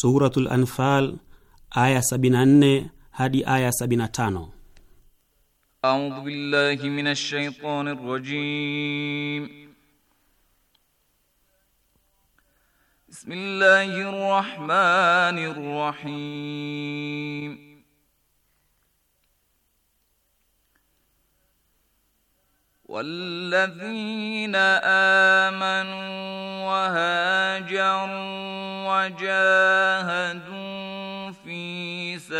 Suratul Anfal aya 74 hadi aya 75. A'udhu billahi minash shaitani rajim. Bismillahir rahmanir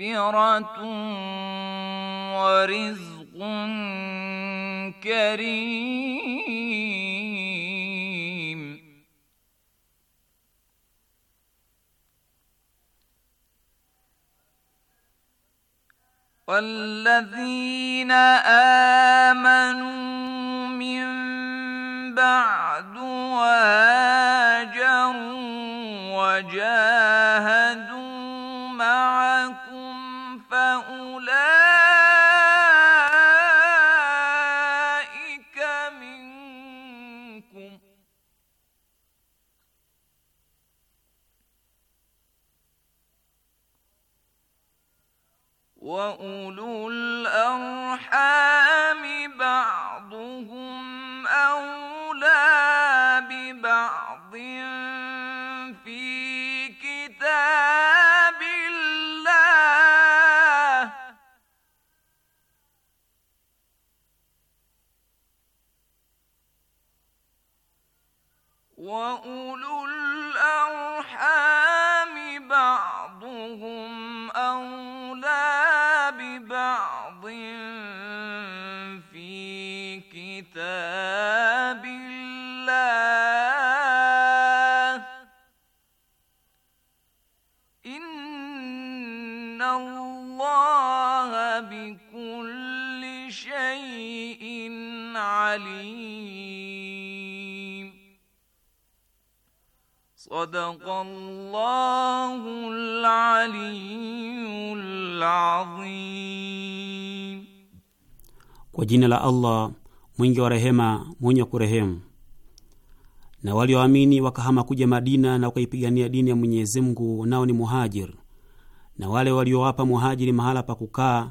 مغفرة ورزق كريم والذين آمنوا من بعد وآمنوا أولو alim. Sadaqallahul aliyyul azim. Kwa jina la Allah mwingi wa rehema mwenye kurehemu. Na walioamini wa wakahama kuja Madina na wakaipigania dini ya Mwenyezi Mungu, nao ni muhajir, na wale waliowapa wa muhajiri mahala pa kukaa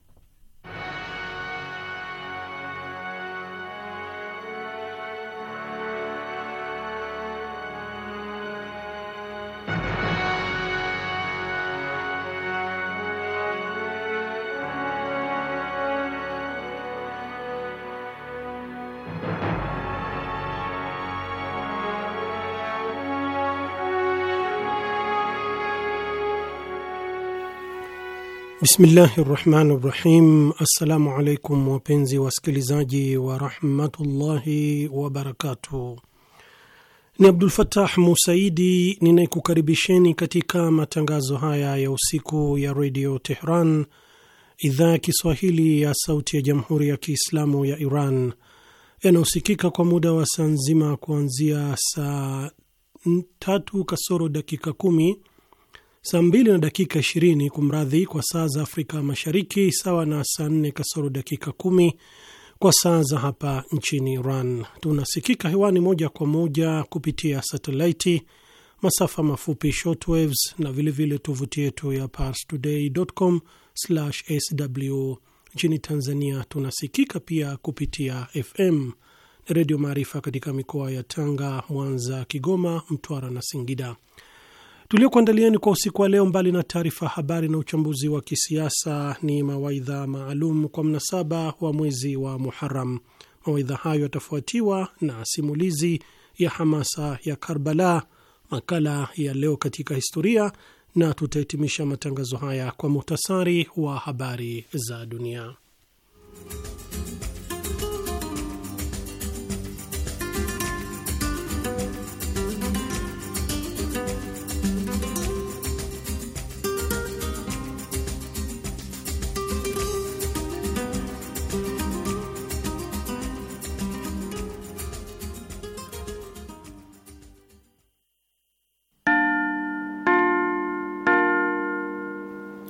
Bismillahi rahmani rahim. Assalamu alaikum wapenzi wasikilizaji warahmatullahi wabarakatuh. Ni Abdul Fattah Musaidi ninayekukaribisheni katika matangazo haya ya usiku ya redio Tehran, idhaa ya Kiswahili ya sauti ya jamhuri ya Kiislamu ya Iran, yanayosikika kwa muda wa saa nzima kuanzia saa tatu kasoro dakika kumi saa mbili na dakika ishirini kumradhi, kwa saa za Afrika Mashariki, sawa na saa nne kasoro dakika kumi kwa saa za hapa nchini Iran. Tunasikika hewani moja kwa moja kupitia satelaiti, masafa mafupi shotwaves na vilevile tovuti yetu ya parstoday.com/sw. Nchini Tanzania tunasikika pia kupitia FM Redio Maarifa katika mikoa ya Tanga, Mwanza, Kigoma, Mtwara na Singida tuliokuandaliani kwa usiku wa leo, mbali na taarifa ya habari na uchambuzi wa kisiasa, ni mawaidha maalum kwa mnasaba wa mwezi wa Muharam. Mawaidha hayo yatafuatiwa na simulizi ya hamasa ya Karbala, makala ya leo katika historia, na tutahitimisha matangazo haya kwa muhtasari wa habari za dunia.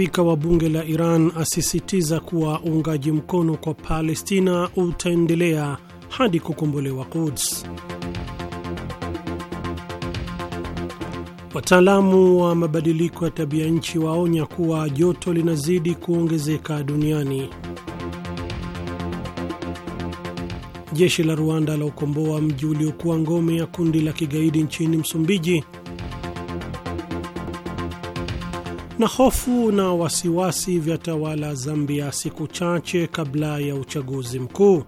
Spika wa bunge la Iran asisitiza kuwa uungaji mkono kwa Palestina utaendelea hadi kukombolewa Quds. Wataalamu wa mabadiliko ya tabia nchi waonya kuwa joto linazidi kuongezeka duniani. Jeshi la Rwanda la ukomboa mji uliokuwa ngome ya kundi la kigaidi nchini Msumbiji na hofu na wasiwasi vya tawala Zambia siku chache kabla ya uchaguzi mkuu.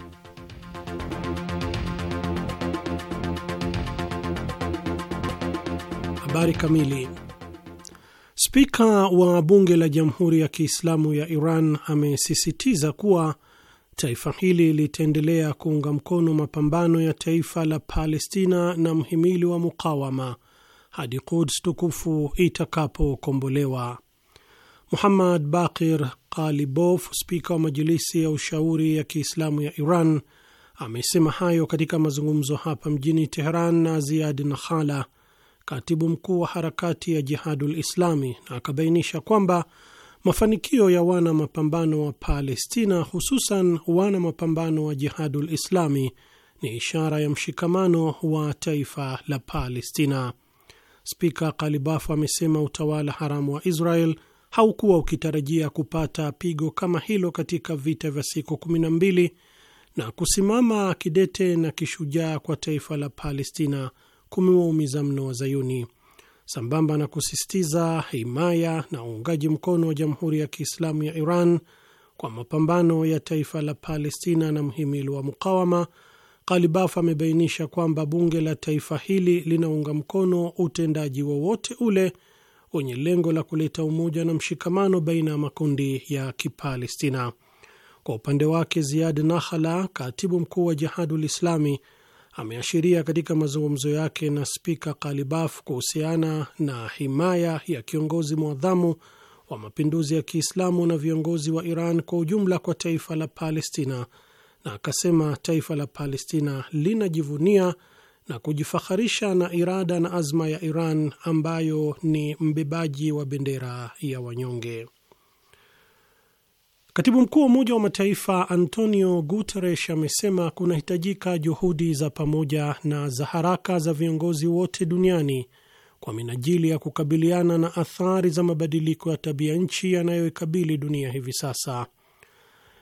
Habari kamili. Spika wa bunge la Jamhuri ya Kiislamu ya Iran amesisitiza kuwa taifa hili litaendelea kuunga mkono mapambano ya taifa la Palestina na mhimili wa mukawama hadi Quds tukufu itakapokombolewa. Muhammad Bakir Kalibof, spika wa Majilisi ya Ushauri ya Kiislamu ya Iran, amesema hayo katika mazungumzo hapa mjini Teheran na Ziad Nakhala, katibu mkuu wa harakati ya Jihadul Islami, na akabainisha kwamba mafanikio ya wana mapambano wa Palestina, hususan wana mapambano wa Jihadul Islami, ni ishara ya mshikamano wa taifa la Palestina. Spika Kalibafu amesema utawala haramu wa Israel haukuwa ukitarajia kupata pigo kama hilo katika vita vya siku 12 na kusimama kidete na kishujaa kwa taifa la Palestina kumewaumiza mno wa zayuni sambamba na kusisitiza himaya na uungaji mkono wa Jamhuri ya Kiislamu ya Iran kwa mapambano ya taifa la Palestina na mhimili wa mukawama Kalibaf amebainisha kwamba bunge la taifa hili linaunga mkono utendaji wowote ule wenye lengo la kuleta umoja na mshikamano baina ya makundi ya Kipalestina. Kwa upande wake, Ziad Nahala, katibu mkuu wa Jihadul Islami, ameashiria katika mazungumzo yake na spika Kalibaf kuhusiana na himaya ya kiongozi mwadhamu wa mapinduzi ya Kiislamu na viongozi wa Iran kwa ujumla kwa taifa la Palestina na akasema taifa la Palestina linajivunia na kujifaharisha na irada na azma ya Iran ambayo ni mbebaji wa bendera ya wanyonge. Katibu mkuu wa Umoja wa Mataifa Antonio Guterres amesema kunahitajika juhudi za pamoja na za haraka za viongozi wote duniani kwa minajili ya kukabiliana na athari za mabadiliko ya tabia nchi yanayoikabili dunia hivi sasa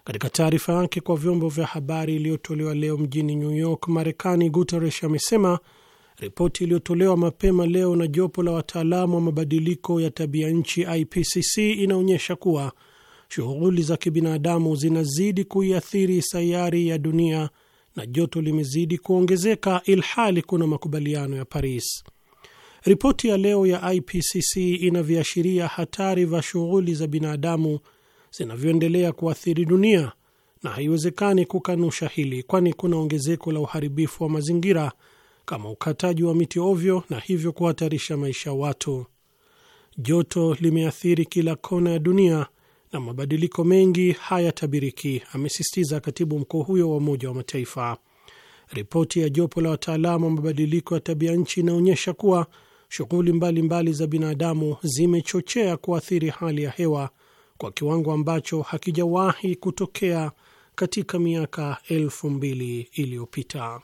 katika taarifa yake kwa vyombo vya habari iliyotolewa leo mjini New York, Marekani, Guterres amesema ripoti iliyotolewa mapema leo na jopo la wataalamu wa mabadiliko ya tabia nchi IPCC inaonyesha kuwa shughuli za kibinadamu zinazidi kuiathiri sayari ya dunia na joto limezidi kuongezeka ilhali kuna makubaliano ya Paris. Ripoti ya leo ya IPCC inaviashiria hatari vya shughuli za binadamu zinavyoendelea kuathiri dunia, na haiwezekani kukanusha hili, kwani kuna ongezeko la uharibifu wa mazingira kama ukataji wa miti ovyo, na hivyo kuhatarisha maisha ya watu. Joto limeathiri kila kona ya dunia na mabadiliko mengi hayatabiriki, amesisitiza katibu mkuu huyo wa Umoja wa Mataifa. Ripoti ya jopo la wataalamu wa mabadiliko ya tabia nchi inaonyesha kuwa shughuli mbalimbali za binadamu zimechochea kuathiri hali ya hewa kwa kiwango ambacho hakijawahi kutokea katika miaka elfu mbili iliyopita.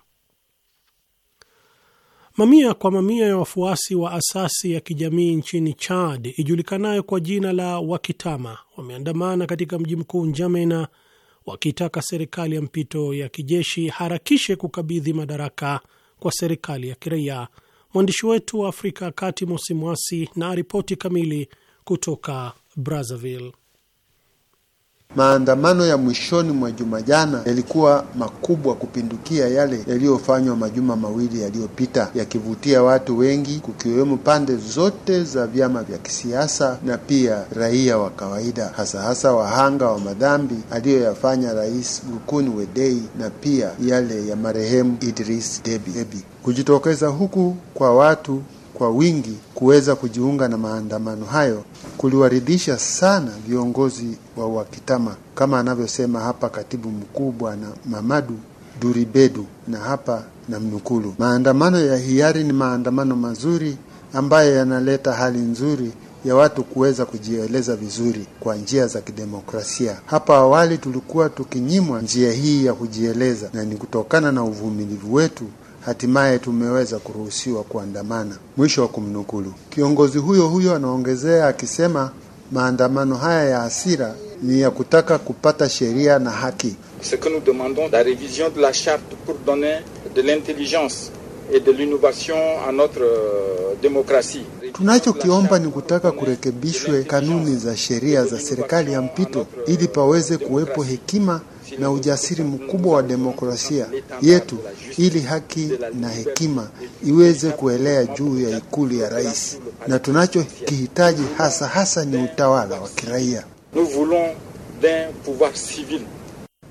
Mamia kwa mamia ya wafuasi wa asasi ya kijamii nchini Chad ijulikanayo kwa jina la Wakitama wameandamana katika mji mkuu Njamena wakitaka serikali ya mpito ya kijeshi harakishe kukabidhi madaraka kwa serikali ya kiraia. Mwandishi wetu wa Afrika Kati Mosimwasi na ripoti kamili kutoka Brazzaville. Maandamano ya mwishoni mwa juma jana yalikuwa makubwa kupindukia yale yaliyofanywa majuma mawili yaliyopita, yakivutia watu wengi, kukiwemo pande zote za vyama vya kisiasa na pia raia wa kawaida, hasa hasa wahanga wa madhambi aliyoyafanya Rais Gukuni Wedei na pia yale ya marehemu Idris Deby. Kujitokeza huku kwa watu kwa wingi kuweza kujiunga na maandamano hayo kuliwaridhisha sana viongozi wa Wakitama kama anavyosema hapa katibu mkuu Bwana Mamadu Duribedu, na hapa na mnukulu: maandamano ya hiari ni maandamano mazuri ambayo yanaleta hali nzuri ya watu kuweza kujieleza vizuri kwa njia za kidemokrasia. Hapo awali tulikuwa tukinyimwa njia hii ya kujieleza, na ni kutokana na uvumilivu wetu hatimaye tumeweza kuruhusiwa kuandamana. Mwisho wa kumnukulu. Kiongozi huyo huyo anaongezea akisema maandamano haya ya hasira ni ya kutaka kupata sheria na haki. Ce que nous demandons la revision de la charte pour donner de l'intelligence et de l'innovation notre euh, Tunachokiomba ni kutaka kurekebishwe kanuni za sheria za serikali ya mpito ili paweze euh, kuwepo hekima na ujasiri mkubwa wa demokrasia yetu ili haki na hekima iweze kuelea juu ya ikulu ya rais, na tunachokihitaji hasa hasa ni utawala wa kiraia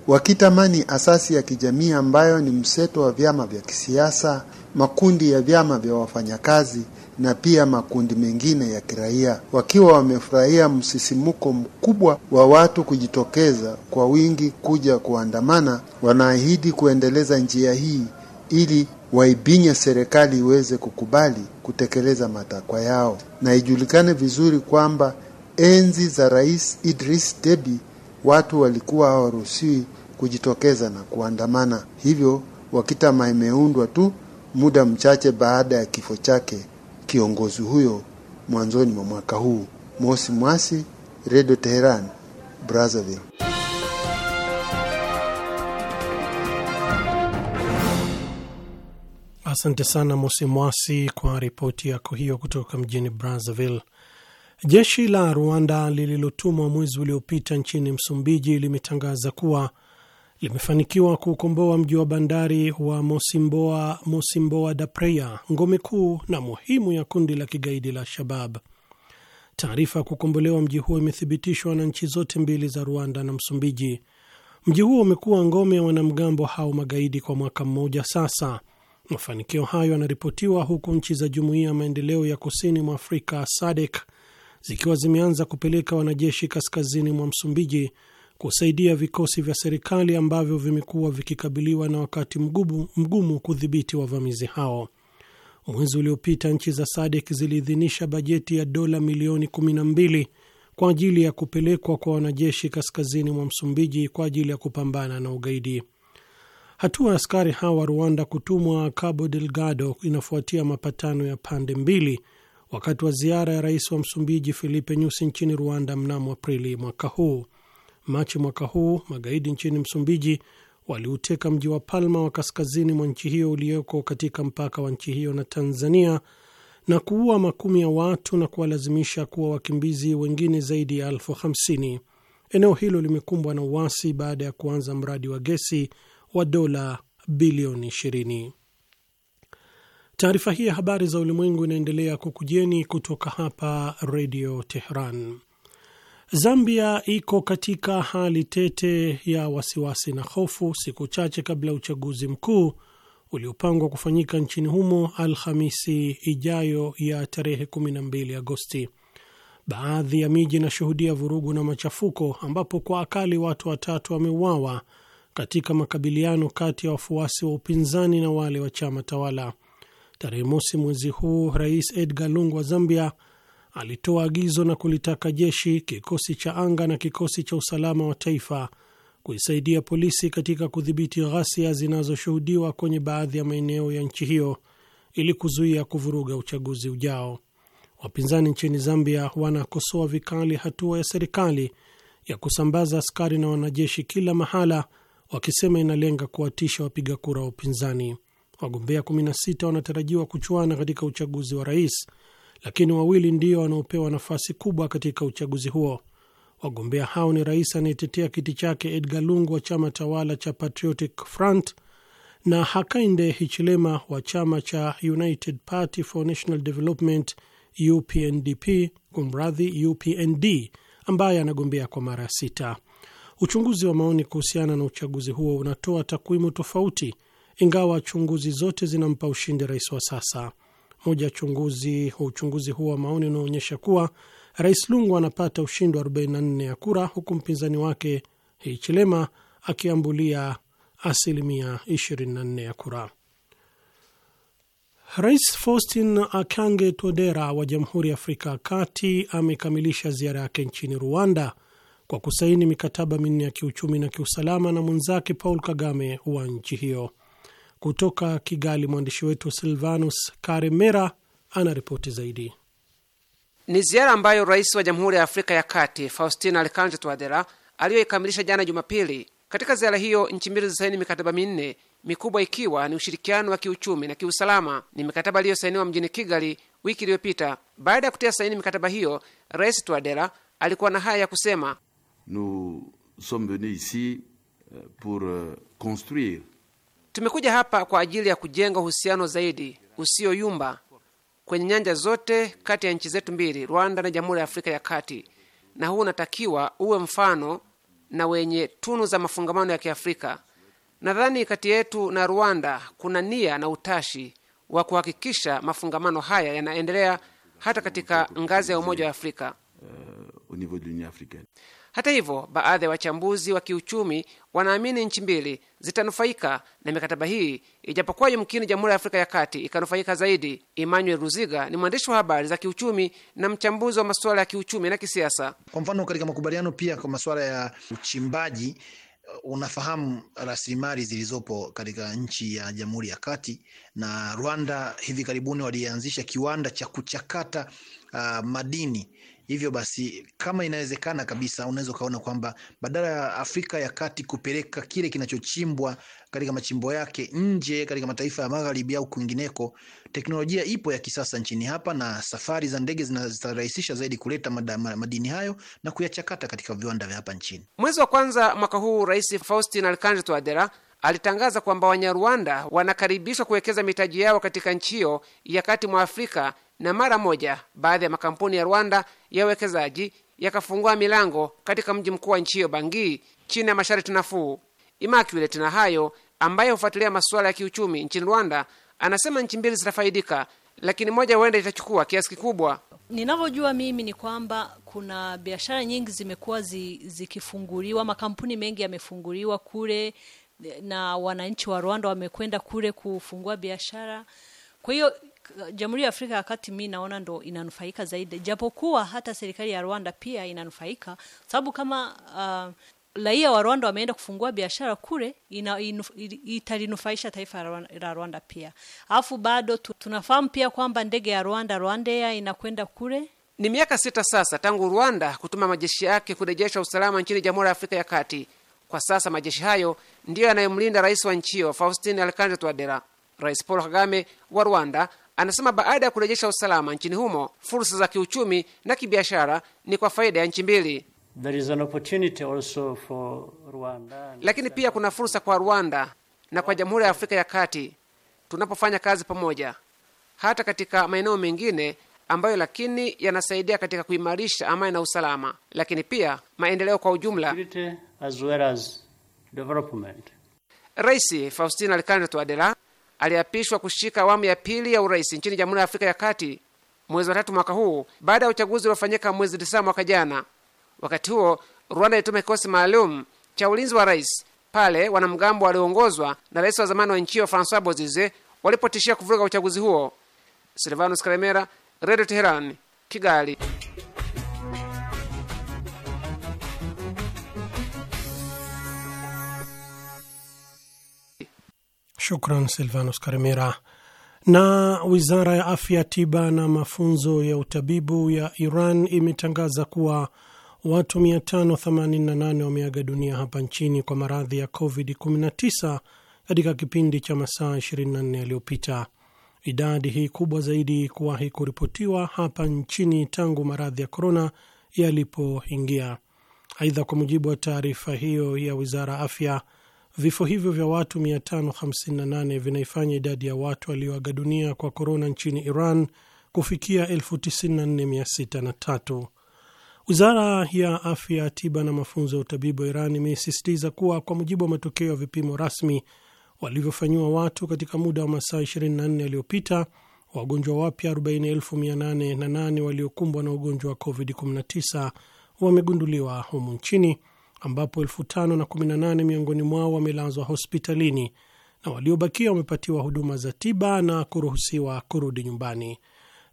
wakitamani asasi ya kijamii ambayo ni mseto wa vyama vya kisiasa, makundi ya vyama vya wafanyakazi na pia makundi mengine ya kiraia, wakiwa wamefurahia msisimuko mkubwa wa watu kujitokeza kwa wingi kuja kuandamana. Wanaahidi kuendeleza njia hii ili waibinye serikali iweze kukubali kutekeleza matakwa yao, na ijulikane vizuri kwamba enzi za Rais Idris Deby watu walikuwa hawaruhusiwi kujitokeza na kuandamana, hivyo Wakitama imeundwa tu muda mchache baada ya kifo chake kiongozi huyo mwanzoni mwa mwaka huu. Mosi Mwasi, Redio Teheran, Brazzaville. Asante sana Mosi Mwasi kwa ripoti yako hiyo kutoka mjini Brazzaville. Jeshi la Rwanda lililotumwa mwezi uliopita nchini Msumbiji limetangaza kuwa limefanikiwa kuukomboa mji wa bandari wa Mosimboa, Mosimboa da Preya, ngome kuu na muhimu ya kundi la kigaidi la Shabab. Taarifa ya kukombolewa mji huo imethibitishwa na nchi zote mbili za Rwanda na Msumbiji. Mji huo umekuwa ngome ya wanamgambo hao magaidi kwa mwaka mmoja sasa. Mafanikio hayo yanaripotiwa huku nchi za Jumuiya ya Maendeleo ya Kusini mwa Afrika SADC zikiwa zimeanza kupeleka wanajeshi kaskazini mwa Msumbiji kusaidia vikosi vya serikali ambavyo vimekuwa vikikabiliwa na wakati mgumu, mgumu kudhibiti wavamizi hao. Mwezi uliopita nchi za sadek ziliidhinisha bajeti ya dola milioni 12 kwa ajili ya kupelekwa kwa wanajeshi kaskazini mwa Msumbiji kwa ajili ya kupambana na ugaidi. Hatua ya askari hawa wa Rwanda kutumwa Cabo Delgado inafuatia mapatano ya pande mbili wakati wa ziara ya rais wa Msumbiji Filipe Nyusi nchini Rwanda mnamo Aprili mwaka huu. Machi mwaka huu magaidi nchini Msumbiji waliuteka mji wa Palma wa kaskazini mwa nchi hiyo ulioko katika mpaka wa nchi hiyo na Tanzania na kuua makumi ya watu na kuwalazimisha kuwa wakimbizi wengine zaidi ya elfu hamsini. Eneo hilo limekumbwa na uasi baada ya kuanza mradi wa gesi wa dola bilioni 20. Taarifa hii ya habari za ulimwengu inaendelea kukujeni kutoka hapa Redio Tehran. Zambia iko katika hali tete ya wasiwasi na hofu siku chache kabla ya uchaguzi mkuu uliopangwa kufanyika nchini humo Alhamisi ijayo ya tarehe 12 Agosti. Baadhi ya miji inashuhudia vurugu na machafuko, ambapo kwa akali watu watatu wameuawa katika makabiliano kati ya wafuasi wa upinzani na wale wa chama tawala. Tarehe mosi mwezi huu, Rais Edgar Lungu wa Zambia alitoa agizo na kulitaka jeshi, kikosi cha anga na kikosi cha usalama wa taifa kuisaidia polisi katika kudhibiti ghasia zinazoshuhudiwa kwenye baadhi ya maeneo ya nchi hiyo ili kuzuia kuvuruga uchaguzi ujao. Wapinzani nchini Zambia wanakosoa vikali hatua ya serikali ya kusambaza askari na wanajeshi kila mahala, wakisema inalenga kuwatisha wapiga kura wa upinzani. Wagombea 16 wanatarajiwa kuchuana katika uchaguzi wa rais lakini wawili ndio wanaopewa nafasi kubwa katika uchaguzi huo. Wagombea hao ni rais anayetetea kiti chake Edgar Lungu wa chama tawala cha Patriotic Front na Hakainde Hichilema wa chama cha United Party for National Development UPNDP, kumradhi UPND, ambaye anagombea kwa mara ya sita. Uchunguzi wa maoni kuhusiana na uchaguzi huo unatoa takwimu tofauti, ingawa chunguzi zote zinampa ushindi rais wa sasa. Moja uchunguzi wa uchunguzi huo wa maoni unaonyesha kuwa Rais Lungu anapata ushindi wa 44 ya kura huku mpinzani wake Hichilema akiambulia asilimia 24 ya kura. Rais Faustin Akange Todera wa Jamhuri ya Afrika ya Kati amekamilisha ziara yake nchini Rwanda kwa kusaini mikataba minne ya kiuchumi na kiusalama na mwenzake Paul Kagame wa nchi hiyo. Kutoka Kigali, mwandishi wetu Silvanus Karemera ana ripoti zaidi. Ni ziara ambayo rais wa Jamhuri ya Afrika ya Kati Faustin Archange Touadera aliyoikamilisha jana Jumapili. Katika ziara hiyo nchi mbili zisaini mikataba minne mikubwa, ikiwa ni ushirikiano wa kiuchumi na kiusalama. Ni mikataba iliyosainiwa mjini Kigali wiki iliyopita. Baada ya kutia saini mikataba hiyo, rais Touadera alikuwa na haya ya kusema: Nous sommes venus ici eh, pour eh, construire Tumekuja hapa kwa ajili ya kujenga uhusiano zaidi usiyoyumba kwenye nyanja zote kati ya nchi zetu mbili, Rwanda na Jamhuri ya Afrika ya Kati, na huu unatakiwa uwe mfano na wenye tunu za mafungamano ya Kiafrika. Nadhani kati yetu na Rwanda kuna nia na utashi wa kuhakikisha mafungamano haya yanaendelea hata katika ngazi ya Umoja wa Afrika. Uh, hata hivyo, baadhi ya wachambuzi wa kiuchumi wanaamini nchi mbili zitanufaika na mikataba hii, ijapokuwa yumkini Jamhuri ya Afrika ya Kati ikanufaika zaidi. Emmanuel Ruziga ni mwandishi wa habari za kiuchumi na mchambuzi wa masuala ya kiuchumi na kisiasa. Kwa mfano, katika makubaliano pia kwa masuala ya uchimbaji unafahamu rasilimali zilizopo katika nchi ya Jamhuri ya Kati na Rwanda. Hivi karibuni walianzisha kiwanda cha kuchakata uh, madini Hivyo basi, kama inawezekana kabisa, unaweza ukaona kwamba badala ya Afrika ya Kati kupeleka kile kinachochimbwa katika machimbo yake nje katika mataifa ya magharibi au kwingineko, teknolojia ipo ya kisasa nchini hapa, na safari za ndege zinazorahisisha zaidi kuleta madini hayo na kuyachakata katika viwanda vya hapa nchini. Mwezi wa kwanza mwaka huu, Rais Faustin Archange Touadera alitangaza kwamba Wanyarwanda wanakaribishwa kuwekeza mitaji yao katika nchi hiyo ya kati mwa Afrika na mara moja baadhi ya makampuni ya Rwanda ya uwekezaji yakafungua milango katika mji mkuu wa nchi hiyo Bangi, chini ya masharti nafuu. Immaculate na hayo ambaye hufuatilia masuala ya kiuchumi nchini Rwanda anasema nchi mbili zitafaidika, lakini moja huenda itachukua kiasi kikubwa. Ninavyojua mimi ni kwamba kuna biashara nyingi zimekuwa zikifunguliwa, makampuni mengi yamefunguliwa kule na wananchi wa Rwanda wamekwenda kule kufungua biashara, kwa hiyo Jamhuri ya Afrika ya Kati mi naona ndo inanufaika zaidi, japokuwa hata serikali ya Rwanda pia inanufaika, sababu kama uh, raia uh, wa Rwanda wameenda kufungua biashara kule, italinufaisha taifa la Rwanda pia. Alafu bado tu, tunafahamu pia kwamba ndege ya Rwanda Rwandea inakwenda kule. Ni miaka sita sasa tangu Rwanda kutuma majeshi yake kurejesha usalama nchini Jamhuri ya Afrika ya Kati. Kwa sasa majeshi hayo ndiyo yanayomlinda rais wa nchi hiyo Faustin Archange Touadera. Rais Paul Kagame wa Rwanda Anasema baada ya kurejesha usalama nchini humo, fursa za kiuchumi na kibiashara ni kwa faida ya nchi mbili. There is an opportunity also for Rwanda. Lakini pia kuna fursa kwa Rwanda na kwa Jamhuri ya Afrika ya Kati tunapofanya kazi pamoja, hata katika maeneo mengine ambayo lakini yanasaidia katika kuimarisha amani na usalama, lakini pia maendeleo kwa ujumla. As well as Rais Faustin Alcantara Touadera aliapishwa kushika awamu ya pili ya urais nchini Jamhuri ya Afrika ya Kati mwezi wa tatu mwaka huu baada ya uchaguzi uliofanyika mwezi Desemba mwaka jana. Wakati huo Rwanda ilituma kikosi maalum cha ulinzi wa rais pale wanamgambo walioongozwa na rais wa zamani wa nchi hiyo Francois Bozize walipotishia kuvuruga uchaguzi huo. Silvanus Karemera, redio Teheran, Kigali. Shukran Silvanus Karimera. Na wizara ya afya, tiba na mafunzo ya utabibu ya Iran imetangaza kuwa watu 588 wameaga dunia hapa nchini kwa maradhi ya COVID-19 katika kipindi cha masaa 24 yaliyopita, idadi hii kubwa zaidi kuwahi kuripotiwa hapa nchini tangu maradhi ya korona yalipoingia. Aidha, kwa mujibu wa taarifa hiyo ya wizara ya afya Vifo hivyo vya watu 558 vinaifanya idadi ya watu walioaga dunia kwa korona nchini Iran kufikia 94603. Wizara ya afya, tiba na mafunzo ya utabibu wa Iran imesisitiza kuwa kwa mujibu wa matokeo ya vipimo rasmi walivyofanyiwa watu katika muda wa masaa 24 yaliyopita, wagonjwa wapya 40808 waliokumbwa na ugonjwa wa COVID-19 wamegunduliwa humu nchini ambapo elfu miongoni mwao wamelazwa hospitalini na waliobakia wamepatiwa huduma za tiba na kuruhusiwa kurudi nyumbani.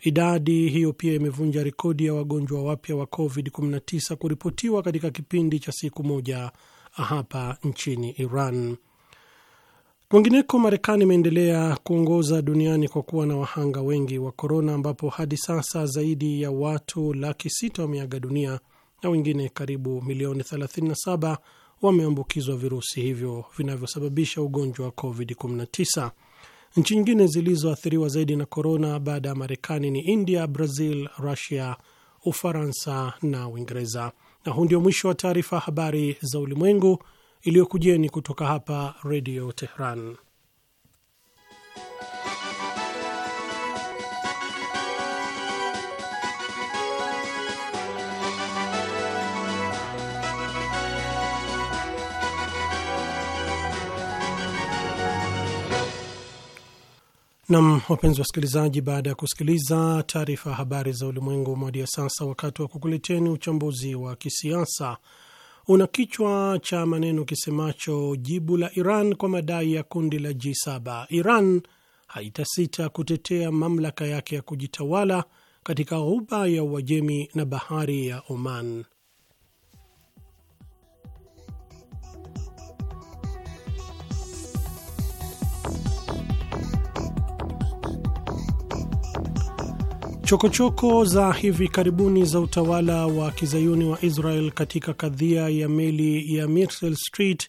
Idadi hiyo pia imevunja rekodi ya wagonjwa wapya wa COVID-19 kuripotiwa katika kipindi cha siku moja hapa nchini Iran. Kwingineko, Marekani imeendelea kuongoza duniani kwa kuwa na wahanga wengi wa korona, ambapo hadi sasa zaidi ya watu laki sita wameaga dunia na wengine karibu milioni 37 wameambukizwa virusi hivyo vinavyosababisha ugonjwa wa COVID-19. Nchi nyingine zilizoathiriwa zaidi na korona baada ya Marekani ni India, Brazil, Rusia, Ufaransa na Uingereza. Na huu ndio mwisho wa taarifa habari za ulimwengu iliyokujeni kutoka hapa Redio Tehran. Nam, wapenzi wasikilizaji, baada ya kusikiliza taarifa ya habari za ulimwengu, ya sasa wakati wa kukuleteni uchambuzi wa kisiasa una kichwa cha maneno kisemacho jibu la Iran kwa madai ya kundi la G7, Iran haitasita kutetea mamlaka yake ya kujitawala katika ghuba ya Uajemi na bahari ya Oman. Chokochoko choko za hivi karibuni za utawala wa kizayuni wa Israel katika kadhia ya meli ya Mersey Street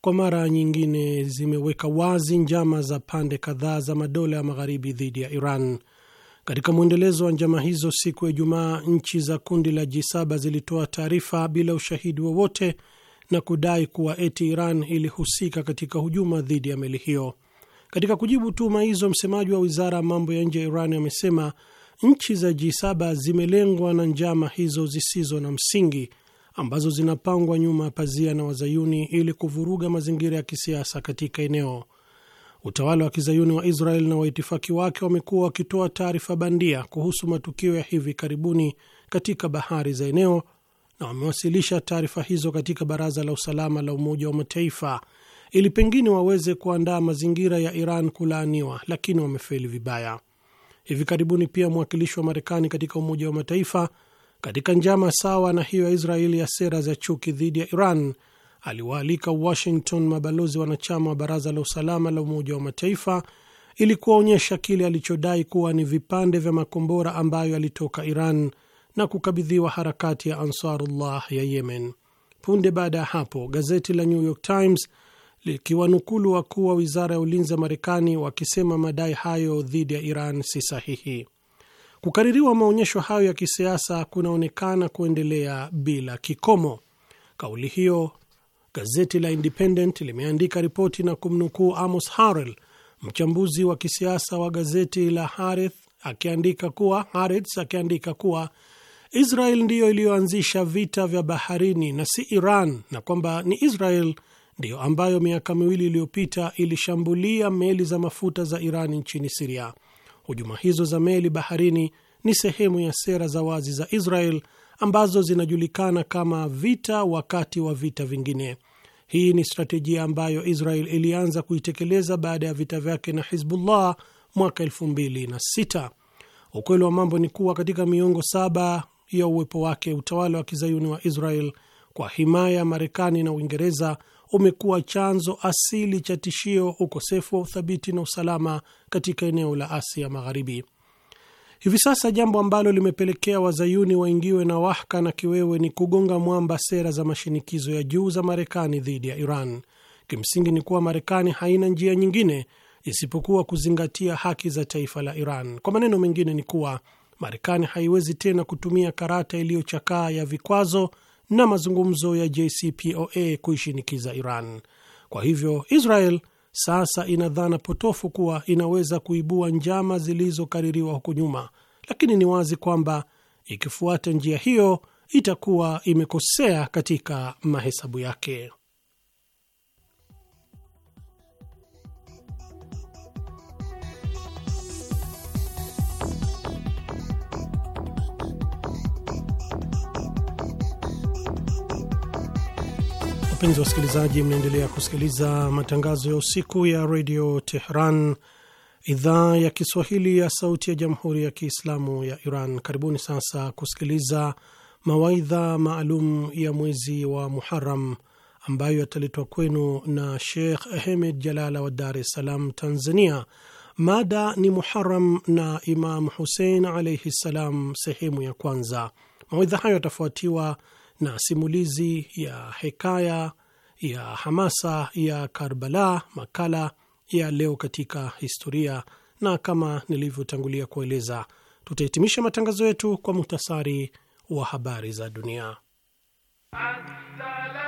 kwa mara nyingine zimeweka wazi njama za pande kadhaa za madola ya magharibi dhidi ya Iran. Katika mwendelezo wa njama hizo, siku ya Ijumaa nchi za kundi la G7 zilitoa taarifa bila ushahidi wowote na kudai kuwa eti Iran ilihusika katika hujuma dhidi ya meli hiyo. Katika kujibu tuhuma hizo, msemaji wa wizara ya mambo ya nje ya Iran amesema nchi za G7 zimelengwa na njama hizo zisizo na msingi ambazo zinapangwa nyuma ya pazia na wazayuni ili kuvuruga mazingira ya kisiasa katika eneo. Utawala wa kizayuni wa Israel na waitifaki wake wamekuwa wakitoa taarifa bandia kuhusu matukio ya hivi karibuni katika bahari za eneo na wamewasilisha taarifa hizo katika Baraza la Usalama la Umoja wa Mataifa ili pengine waweze kuandaa mazingira ya Iran kulaaniwa, lakini wamefeli vibaya. Hivi karibuni pia mwakilishi wa Marekani katika Umoja wa Mataifa katika njama sawa na hiyo ya Israeli ya sera za chuki dhidi ya Iran aliwaalika Washington mabalozi wanachama wa Baraza la Usalama la Umoja wa Mataifa ili kuwaonyesha kile alichodai kuwa ni vipande vya makombora ambayo yalitoka Iran na kukabidhiwa harakati ya Ansarullah ya Yemen. Punde baada ya hapo, gazeti la New York Times likiwanukulu wakuu wa wizara ya ulinzi ya Marekani wakisema madai hayo dhidi ya Iran si sahihi. Kukaririwa maonyesho hayo ya kisiasa kunaonekana kuendelea bila kikomo. Kauli hiyo, gazeti la Independent limeandika ripoti na kumnukuu Amos Harel, mchambuzi wa kisiasa wa gazeti la Hareth, akiandika kuwa Haaretz akiandika kuwa Israel ndiyo iliyoanzisha vita vya baharini na si Iran, na kwamba ni Israel ndiyo ambayo miaka miwili iliyopita ilishambulia meli za mafuta za Irani nchini Siria. Hujuma hizo za meli baharini ni sehemu ya sera za wazi za Israel ambazo zinajulikana kama vita wakati wa vita vingine. Hii ni strategia ambayo Israel ilianza kuitekeleza baada ya vita vyake na Hizbullah mwaka 26 Ukweli wa mambo ni kuwa katika miongo saba ya uwepo wake, utawala wa kizayuni wa Israel kwa himaya ya Marekani na Uingereza umekuwa chanzo asili cha tishio, ukosefu wa uthabiti na usalama katika eneo la Asia Magharibi hivi sasa, jambo ambalo limepelekea wazayuni waingiwe na wahaka na kiwewe ni kugonga mwamba sera za mashinikizo ya juu za Marekani dhidi ya Iran. Kimsingi ni kuwa Marekani haina njia nyingine isipokuwa kuzingatia haki za taifa la Iran. Kwa maneno mengine, ni kuwa Marekani haiwezi tena kutumia karata iliyochakaa ya vikwazo na mazungumzo ya JCPOA kuishinikiza Iran. Kwa hivyo, Israel sasa ina dhana potofu kuwa inaweza kuibua njama zilizokaririwa huko nyuma, lakini ni wazi kwamba ikifuata njia hiyo itakuwa imekosea katika mahesabu yake. Wapenzi wasikilizaji, mnaendelea kusikiliza matangazo ya usiku ya redio Tehran, idhaa ya Kiswahili ya sauti ya jamhuri ya Kiislamu ya Iran. Karibuni sasa kusikiliza mawaidha maalum ya mwezi wa Muharam ambayo yataletwa kwenu na Sheikh hemed Jalala wa Dar es Salaam, Tanzania. Mada ni Muharam na Imam Husein alaihi ssalam, sehemu ya kwanza. Mawaidha hayo yatafuatiwa na simulizi ya hekaya ya hamasa ya Karbala, makala ya leo katika historia, na kama nilivyotangulia kueleza, tutahitimisha matangazo yetu kwa muhtasari wa habari za dunia Asala.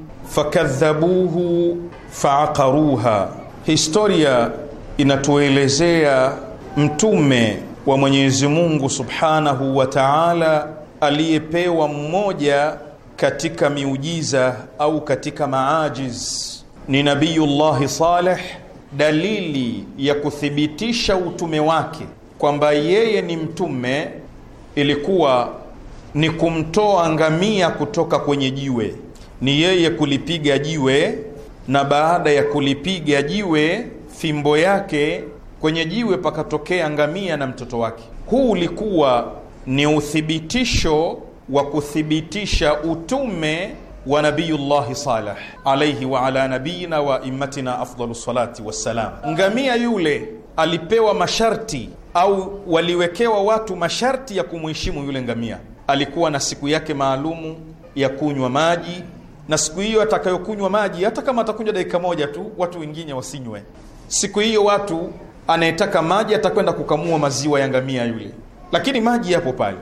fakadhabuhu faakaruha. Historia inatuelezea mtume wa Mwenyezi Mungu Subhanahu wa Ta'ala aliyepewa mmoja katika miujiza au katika maajiz ni Nabiyullahi Saleh. Dalili ya kuthibitisha utume wake kwamba yeye ni mtume ilikuwa ni kumtoa ngamia kutoka kwenye jiwe ni yeye kulipiga jiwe na baada ya kulipiga jiwe fimbo yake kwenye jiwe pakatokea ngamia na mtoto wake. Huu ulikuwa ni uthibitisho wa kuthibitisha utume wa Nabiyullahi Saleh alaihi wa ala nabiyina wa immatina afdalu salati wassalam. Ngamia yule alipewa masharti au waliwekewa watu masharti ya kumuheshimu yule ngamia. Alikuwa na siku yake maalumu ya kunywa maji na siku hiyo atakayokunywa maji, hata kama atakunywa dakika moja tu, watu wengine wasinywe siku hiyo. Watu anayetaka maji atakwenda kukamua maziwa ya ngamia yule, lakini maji yapo pale.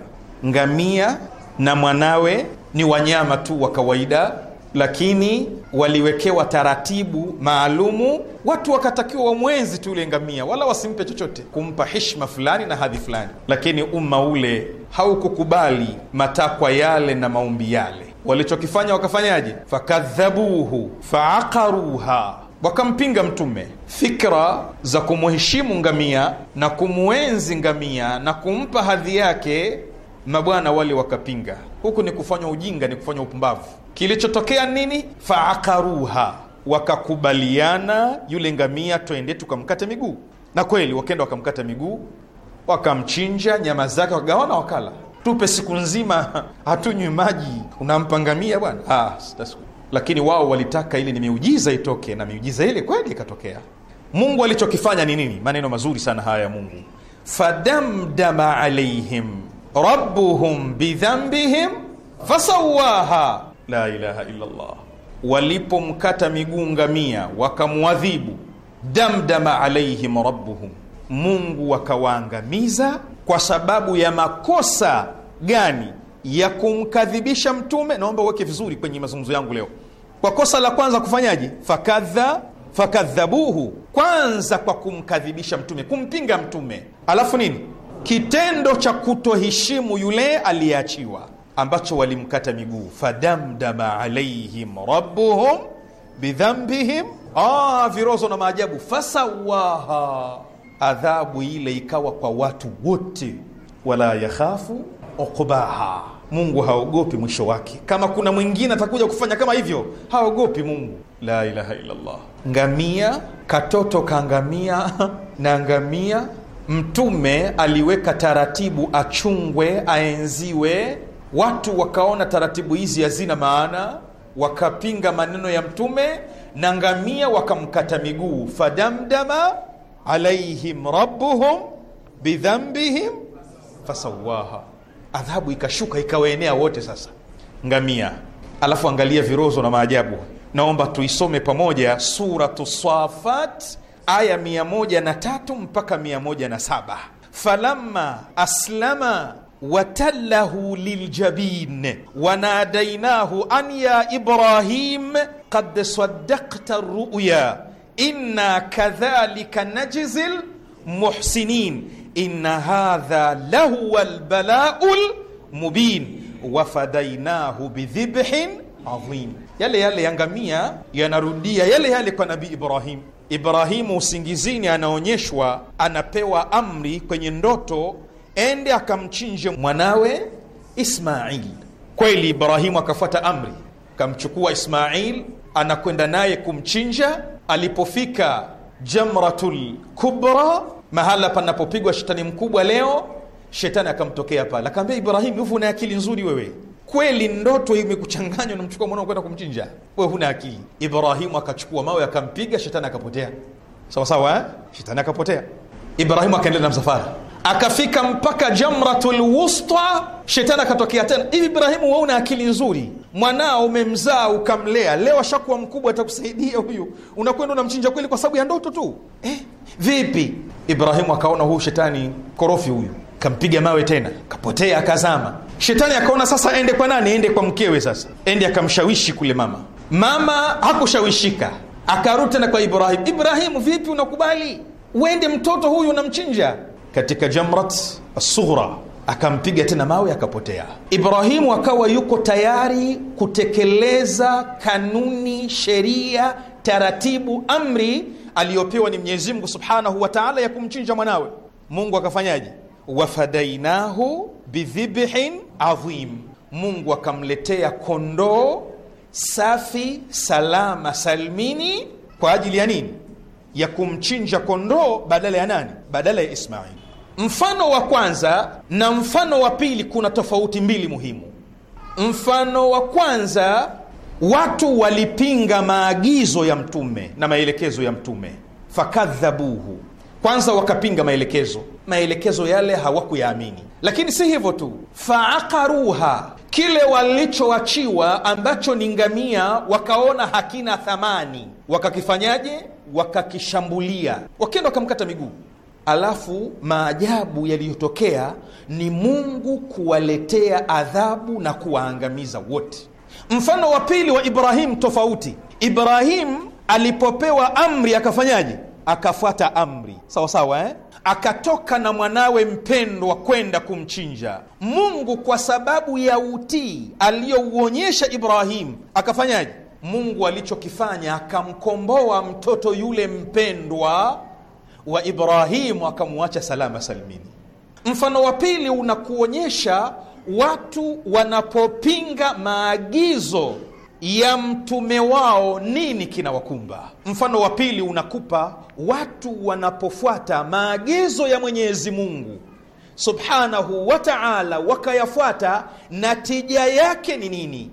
Ngamia na mwanawe ni wanyama tu wa kawaida, lakini waliwekewa taratibu maalumu. Watu wakatakiwa wamwenzi tu yule ngamia, wala wasimpe chochote, kumpa heshima fulani na hadhi fulani, lakini umma ule haukukubali matakwa yale na maombi yale walichokifanya wakafanyaje? Fakadhabuhu faaqaruha, wakampinga Mtume. Fikra za kumuheshimu ngamia na kumuenzi ngamia na kumpa hadhi yake, mabwana wale wakapinga. Huku ni kufanywa ujinga, ni kufanywa upumbavu. Kilichotokea nini? Faaqaruha, wakakubaliana yule ngamia, twende tukamkate miguu. Na kweli wakenda wakamkata miguu, wakamchinja, nyama zake wakagawana, wakala tupe siku nzima hatunywi maji, unampangamia bwana. Ah, lakini wao walitaka ile ni miujiza itoke, na miujiza ile kweli ikatokea. Mungu alichokifanya ni nini? Maneno mazuri sana haya ya Mungu, fadamdama alaihim rabbuhum bidhambihim fasawaha la ilaha illallah. Walipomkata miguu ngamia wakamwadhibu, damdama alaihim rabbuhum, Mungu wakawaangamiza kwa sababu ya makosa gani ya kumkadhibisha Mtume? Naomba uweke vizuri kwenye mazungumzo yangu leo. Kwa kosa la kwanza kufanyaje? fakadha fakadhabuhu, kwanza kwa kumkadhibisha Mtume, kumpinga Mtume, alafu nini? Kitendo cha kutoheshimu yule aliyeachiwa ambacho walimkata miguu. Fadamdama alaihim rabbuhum bidhambihim, ah, virozo na maajabu. Fasawaha adhabu ile ikawa kwa watu wote, wala yakhafu ukubaha, Mungu haogopi mwisho wake. Kama kuna mwingine atakuja kufanya kama hivyo, haogopi Mungu. La ilaha illallah. Ngamia, katoto kangamia na ngamia. Mtume aliweka taratibu, achungwe, aenziwe. Watu wakaona taratibu hizi hazina maana, wakapinga maneno ya Mtume na ngamia wakamkata miguu, fadamdama alaihim rabbuhum bidhambihim fasawaha, adhabu ikashuka ikawaenea wote. Sasa ngamia, alafu angalia virozo na maajabu. Naomba tuisome pamoja Suratu safat aya mia moja na tatu mpaka mia moja na saba falamma aslama watallahu liljabin wanadainahu an ya Ibrahim kad sadakta ruya inna kadhalika najzil muhsinin inna hadha lahuwa albalau mubin wafadainahu bidhibhin adhim. Yale yale yangamia yanarudia yale yale kwa Nabii Ibrahim. Ibrahimu usingizini, anaonyeshwa anapewa amri kwenye ndoto, ende akamchinje mwanawe Ismail. Kweli Ibrahimu akafuata amri, akamchukua Ismail, anakwenda naye kumchinja alipofika Jamratul Kubra, mahala panapopigwa shetani mkubwa leo, shetani akamtokea pale, akaambia Ibrahimu, wewe una akili nzuri wewe kweli ndoto imekuchanganywa, namchukua mwanao kwenda kumchinja, we huna akili. Ibrahimu akachukua mawe akampiga, shetani akapotea. Sawa sawa eh? Shetani akapotea, Ibrahimu akaendelea na msafara akafika mpaka jamratu lwusta shetani akatokea tena. Hivi Ibrahimu, wewe una akili nzuri, mwanao umemzaa ukamlea, leo ashakuwa mkubwa, atakusaidia huyu, unakwenda unamchinja kweli kwa sababu ya ndoto tu eh? Vipi? Ibrahimu akaona huyu shetani korofi huyu, kampiga mawe tena, kapotea akazama. Shetani akaona sasa ende kwa nani? Ende kwa mkewe. Sasa ende akamshawishi kule mama. Mama hakushawishika, akarudi tena kwa Ibrahimu. Ibrahimu, vipi, unakubali uende mtoto huyu unamchinja? katika Jamrat Sughra akampiga tena mawe akapotea. Ibrahimu akawa yuko tayari kutekeleza kanuni, sheria, taratibu, amri aliyopewa ni Mwenyezi Mungu Subhanahu wa Ta'ala ya kumchinja mwanawe. Mungu akafanyaje? wafadainahu bidhibhin adhim, Mungu akamletea kondoo safi salama salmini. Kwa ajili ya nini? Ya kumchinja kondoo badala ya nani? Badala ya Ismail. Mfano wa kwanza na mfano wa pili kuna tofauti mbili muhimu. Mfano wa kwanza, watu walipinga maagizo ya Mtume na maelekezo ya Mtume, fakadhabuhu, kwanza wakapinga maelekezo, maelekezo yale hawakuyaamini. Lakini si hivyo tu, faakaruha, kile walichoachiwa ambacho ni ngamia, wakaona hakina thamani, wakakifanyaje? Wakakishambulia, wakenda wakamkata miguu alafu maajabu yaliyotokea ni Mungu kuwaletea adhabu na kuwaangamiza wote. Mfano wa pili wa Ibrahimu tofauti. Ibrahimu alipopewa amri akafanyaje? Akafuata amri sawa eh? Akatoka na mwanawe mpendwa kwenda kumchinja. Mungu kwa sababu ya utii aliyouonyesha Ibrahimu akafanyaje? Mungu alichokifanya akamkomboa mtoto yule mpendwa wa Ibrahimu akamwacha salama salimini. Mfano wa pili unakuonyesha watu wanapopinga maagizo ya mtume wao nini kinawakumba. Mfano wa pili unakupa watu wanapofuata maagizo ya Mwenyezi Mungu subhanahu wa taala, wakayafuata, natija yake ni nini?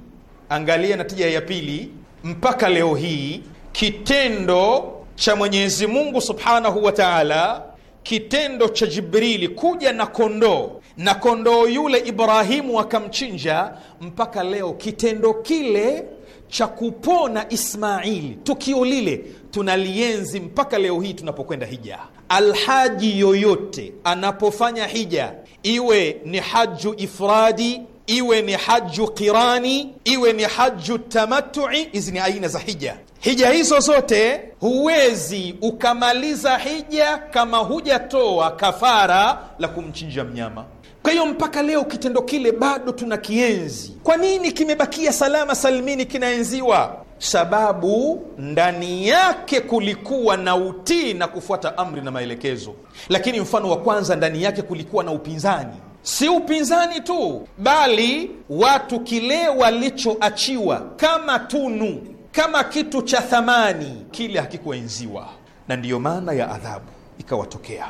Angalia natija ya pili mpaka leo hii kitendo cha Mwenyezi Mungu subhanahu wa taala, kitendo cha Jibrili kuja na kondoo na kondoo yule Ibrahimu akamchinja, mpaka leo kitendo kile cha kupona Ismaili, tukio lile tunalienzi mpaka leo hii tunapokwenda hija. Alhaji yoyote anapofanya hija, iwe ni haju ifradi iwe ni haju qirani, iwe ni haju tamatui. Hizi ni aina za hija. Hija hizo zote huwezi ukamaliza hija kama hujatoa kafara la kumchinja mnyama. Kwa hiyo mpaka leo kitendo kile bado tuna kienzi Kwa nini kimebakia salama salimini kinaenziwa? Sababu ndani yake kulikuwa na utii na kufuata amri na maelekezo, lakini mfano wa kwanza ndani yake kulikuwa na upinzani si upinzani tu, bali watu kile walichoachiwa kama tunu, kama kitu cha thamani, kile hakikuenziwa, na ndiyo maana ya adhabu ikawatokea.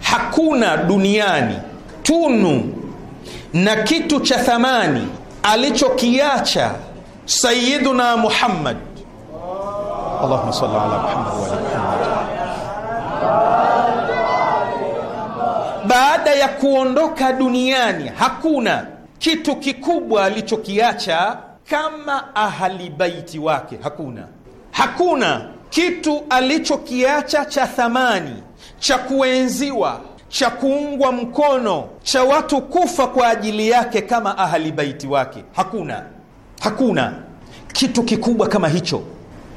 Hakuna duniani tunu na kitu cha thamani alichokiacha Sayiduna Muhammad, Allahumma salli ala Muhammad wa ali Muhammad baada ya kuondoka duniani hakuna kitu kikubwa alichokiacha kama ahali baiti wake. Hakuna, hakuna kitu alichokiacha cha thamani, cha kuenziwa, cha kuungwa mkono, cha watu kufa kwa ajili yake kama ahali baiti wake. Hakuna, hakuna kitu kikubwa kama hicho,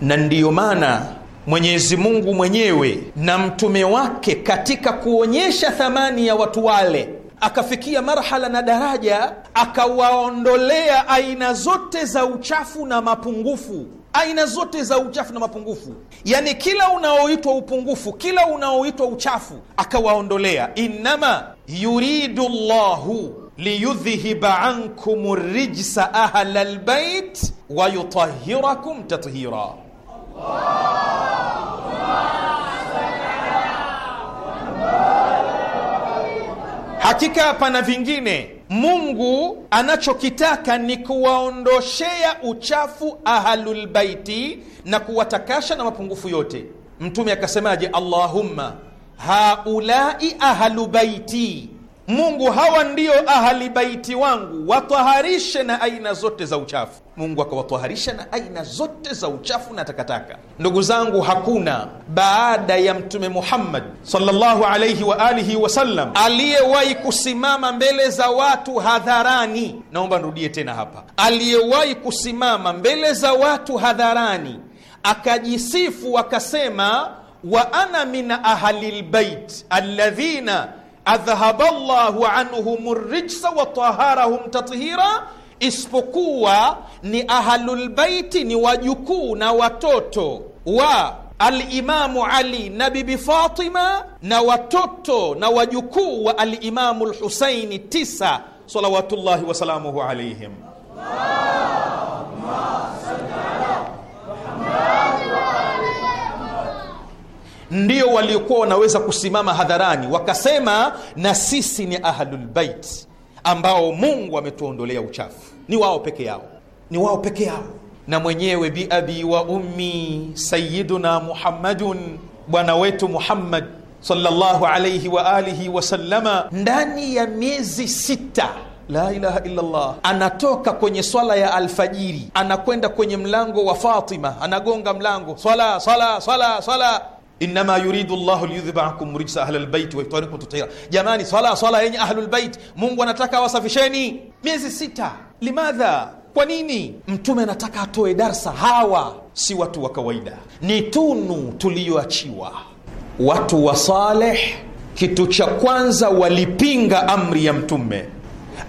na ndiyo maana Mwenyezi Mungu mwenyewe na mtume wake katika kuonyesha thamani ya watu wale, akafikia marhala na daraja akawaondolea aina zote za uchafu na mapungufu aina zote za uchafu na mapungufu, yani kila unaoitwa upungufu, kila unaoitwa uchafu akawaondolea. Innama yuridu llahu liyudhhiba ankum rijsa ahla lbait wayutahirakum tathira Hakika pana vingine. Mungu anachokitaka ni kuwaondoshea uchafu ahlulbaiti na kuwatakasha na mapungufu yote. Mtume akasemaje? Allahumma haulai ahlu baiti Mungu, hawa ndiyo ahali baiti wangu, wataharishe na aina zote za uchafu. Mungu akawataharisha na aina zote za uchafu na takataka. Ndugu zangu, hakuna baada ya Mtume Muhammad sallallahu wa alihi wasallam aliyewahi kusimama mbele za watu hadharani, naomba nirudie tena hapa, aliyewahi kusimama mbele za watu hadharani akajisifu akasema, wa ana min ahlilbait lbait alladhina adhhaba Allahu anhum rijsa wa taharahum tathira, isipokuwa ni ahlulbaiti ni wajukuu na watoto wa Alimamu Ali na Bibi Fatima na watoto na wajukuu wa Alimamu Lhusaini tisa salawatullahi wasalamuhu alaihim. Allahumma salli ala Muhammad ndio waliokuwa wanaweza kusimama hadharani wakasema, na sisi ni ahlulbait ambao Mungu ametuondolea uchafu. Ni wao peke yao, ni wao peke yao. Na mwenyewe biabi wa ummi sayiduna Muhammadun, bwana wetu Muhammad sallallahu wa alihi ndani ya miezi sita la ilaha illallah, anatoka kwenye swala ya alfajiri, anakwenda kwenye mlango wa Fatima, anagonga mlango, swala swala swala swala inma yuridu llahu liyudhhibakum rijsa ahlil baiti wa Jamani, swala swala yenye ahlul Mungu anataka awasafisheni. Miezi sita, limadha? Kwa nini? Mtume anataka atoe darsa. Hawa si watu wa kawaida, ni tunu tuliyoachiwa. Watu wa Saleh, kitu cha kwanza walipinga amri ya Mtume,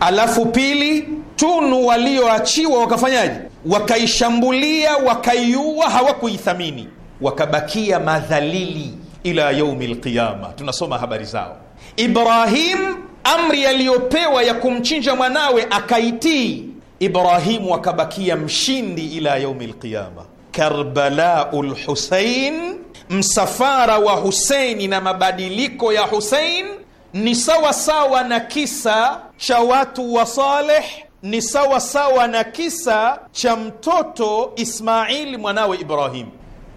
alafu pili, tunu walioachiwa wakafanyaje? Wakaishambulia, wakaiua, hawakuithamini wakabakia madhalili ila yaumi lqiama. Tunasoma habari zao. Ibrahim, amri aliyopewa ya kumchinja mwanawe akaitii. Ibrahimu akabakia mshindi ila yaumi lqiyama. Karbalau lhusein, msafara wa Huseini na mabadiliko ya Husein ni sawa sawa na kisa cha watu wa Saleh, ni sawa sawa na kisa cha mtoto Ismaili mwanawe Ibrahim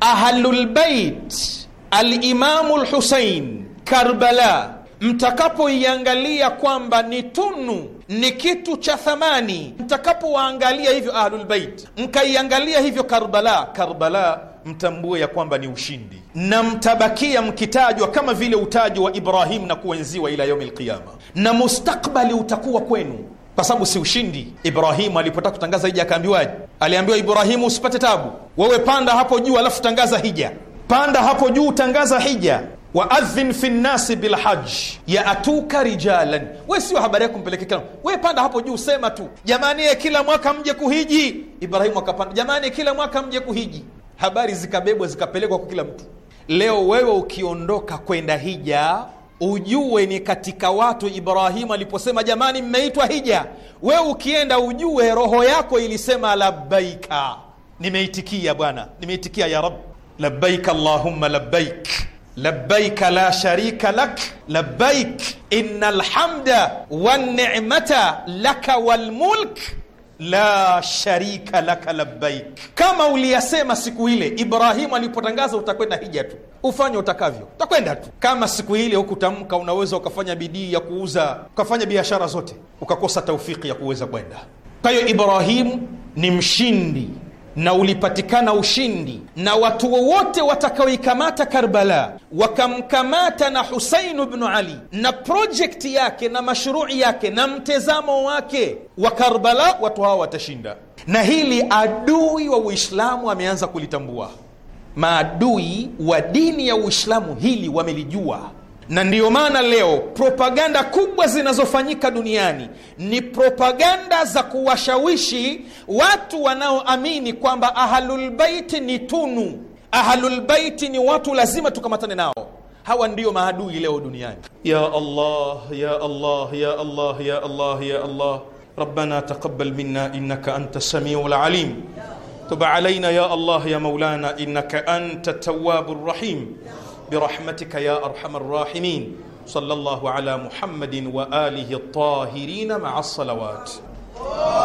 ahlulbait Alimamu Lhusein Karbala, mtakapoiangalia kwamba ni tunu ni kitu cha thamani, mtakapowaangalia hivyo ahlulbait mkaiangalia hivyo Karbala, Karbala mtambue ya kwamba ni ushindi, na mtabakia mkitajwa kama vile utajwa wa Ibrahimu na kuenziwa ila yaumi lqiama na mustakbali utakuwa kwenu kwa sababu si ushindi. Ibrahimu alipotaka kutangaza hija akaambiwaje? Aliambiwa, Ibrahimu, usipate tabu, wewe panda hapo juu alafu tangaza hija, panda hapo juu tangaza hija waadhin fi nnasi bilhaji yaatuka rijalan. We sio habari yako kumpelekea kila, we panda hapo juu, sema tu jamani, ye kila mwaka mje kuhiji. Ibrahimu akapanda, jamani, kila mwaka mje kuhiji. Habari zikabebwa zikapelekwa kwa kila mtu. Leo wewe ukiondoka kwenda hija ujue ni katika watu Ibrahimu aliposema jamani, mmeitwa hija. We ukienda ujue roho yako ilisema labbaika, nimeitikia Bwana, nimeitikia ya Rab, labbaik allahumma labbaik labbaika la sharika lak labbaik inna lhamda wannicmata laka walmulk la sharika laka labbaik. Kama uliyasema siku ile Ibrahimu alipotangaza utakwenda hija tu, ufanye utakavyo, utakwenda tu. Kama siku ile hukutamka, unaweza ukafanya bidii ya kuuza, ukafanya biashara zote, ukakosa taufiki ya kuweza kwenda. Kwa hiyo Ibrahimu ni mshindi na ulipatikana ushindi, na watu wowote watakaoikamata Karbala wakamkamata na Husainu bnu Ali na projekti yake na mashrui yake na mtezamo wake wa Karbala, watu hawa watashinda. Na hili adui wa Uislamu ameanza kulitambua, maadui wa dini ya Uislamu hili wamelijua na ndiyo maana leo propaganda kubwa zinazofanyika duniani ni propaganda za kuwashawishi watu wanaoamini kwamba ahlulbaiti ni tunu, ahlulbaiti ni watu lazima tukamatane nao. Hawa ndiyo maadui leo duniani. ya Allah, ya Allah, ya Allah, ya Allah, ya Allah, rabbana taqabbal minna innaka anta samiu lalim tub alaina ya Allah ya maulana innaka anta tawabu rahim ya برحمتك يا أرحم الراحمين صلى الله على محمد وآله الطاهرين مع الصلوات مع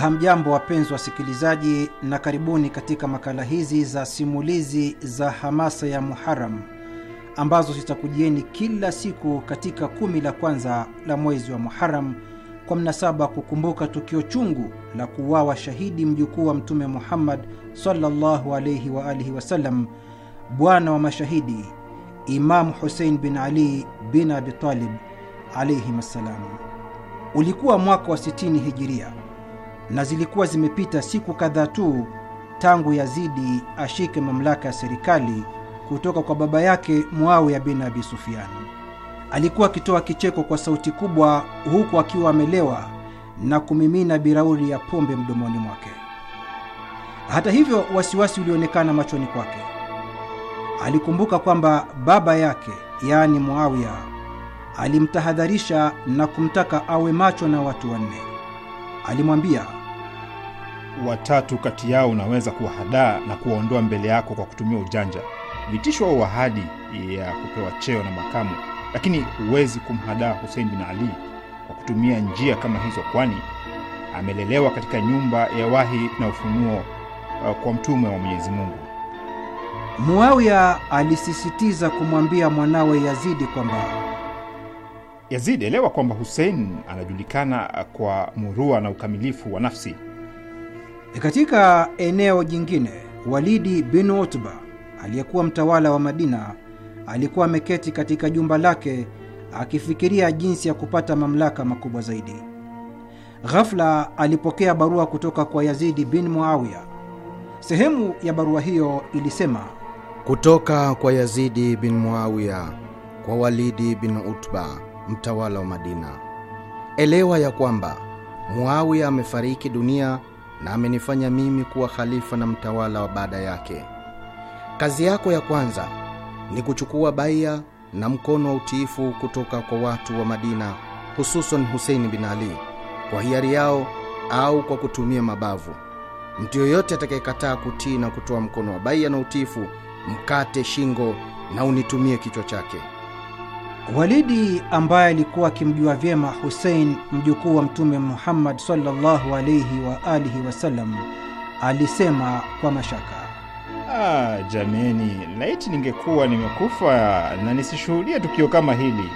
Hamjambo, wapenzi wasikilizaji, na karibuni katika makala hizi za simulizi za hamasa ya Muharam ambazo zitakujieni kila siku katika kumi la kwanza la mwezi wa Muharam kwa mnasaba kukumbuka tukio chungu la kuuawa shahidi mjukuu wa Mtume Muhammad sallallahu alaihi wa alihi wasallam, bwana wa mashahidi, Imamu Husein bin Ali bin abitalib alaihim assalam. Ulikuwa mwaka wa 60 hijiria na zilikuwa zimepita siku kadhaa tu tangu Yazidi ashike mamlaka ya serikali kutoka kwa baba yake Muawiya bin Abi Sufyan. Alikuwa akitoa kicheko kwa sauti kubwa, huku akiwa amelewa na kumimina birauri ya pombe mdomoni mwake. Hata hivyo, wasiwasi ulionekana machoni kwake. Alikumbuka kwamba baba yake, yaani Muawiya, alimtahadharisha na kumtaka awe macho na watu wanne alimwambia, watatu kati yao unaweza kuwahadaa na kuwaondoa mbele yako kwa kutumia ujanja, vitisho au ahadi ya kupewa cheo na makamu, lakini huwezi kumhadaa Husein bin Ali kwa kutumia njia kama hizo, kwani amelelewa katika nyumba ya wahi na ufunuo uh, kwa mtume wa Mwenyezi Mungu. Muawiya alisisitiza kumwambia mwanawe Yazidi kwamba Yazid, elewa kwamba Hussein anajulikana kwa murua na ukamilifu wa nafsi. E, katika eneo jingine, Walidi bin Utba aliyekuwa mtawala wa Madina alikuwa ameketi katika jumba lake akifikiria jinsi ya kupata mamlaka makubwa zaidi. Ghafla alipokea barua kutoka kwa Yazidi bin Muawiya. Sehemu ya barua hiyo ilisema: kutoka kwa Yazidi bin Muawiya kwa Walidi bin Utba mtawala wa Madina, elewa ya kwamba Muawiya amefariki dunia na amenifanya mimi kuwa khalifa na mtawala wa baada yake. Kazi yako ya kwanza ni kuchukua baia na mkono wa utiifu kutoka kwa watu wa Madina, hususan Huseini bin Ali, kwa hiari yao au kwa kutumia mabavu. Mtu yoyote atakayekataa kutii na kutoa mkono wa baia na utiifu, mkate shingo na unitumie kichwa chake. Walidi ambaye alikuwa akimjua vyema Husein mjukuu wa Mtume Muhammad sallallahu alaihi wa alihi wasallam alisema kwa mashaka, ah, jameni, laiti ningekuwa nimekufa na nisishuhudia tukio kama hili.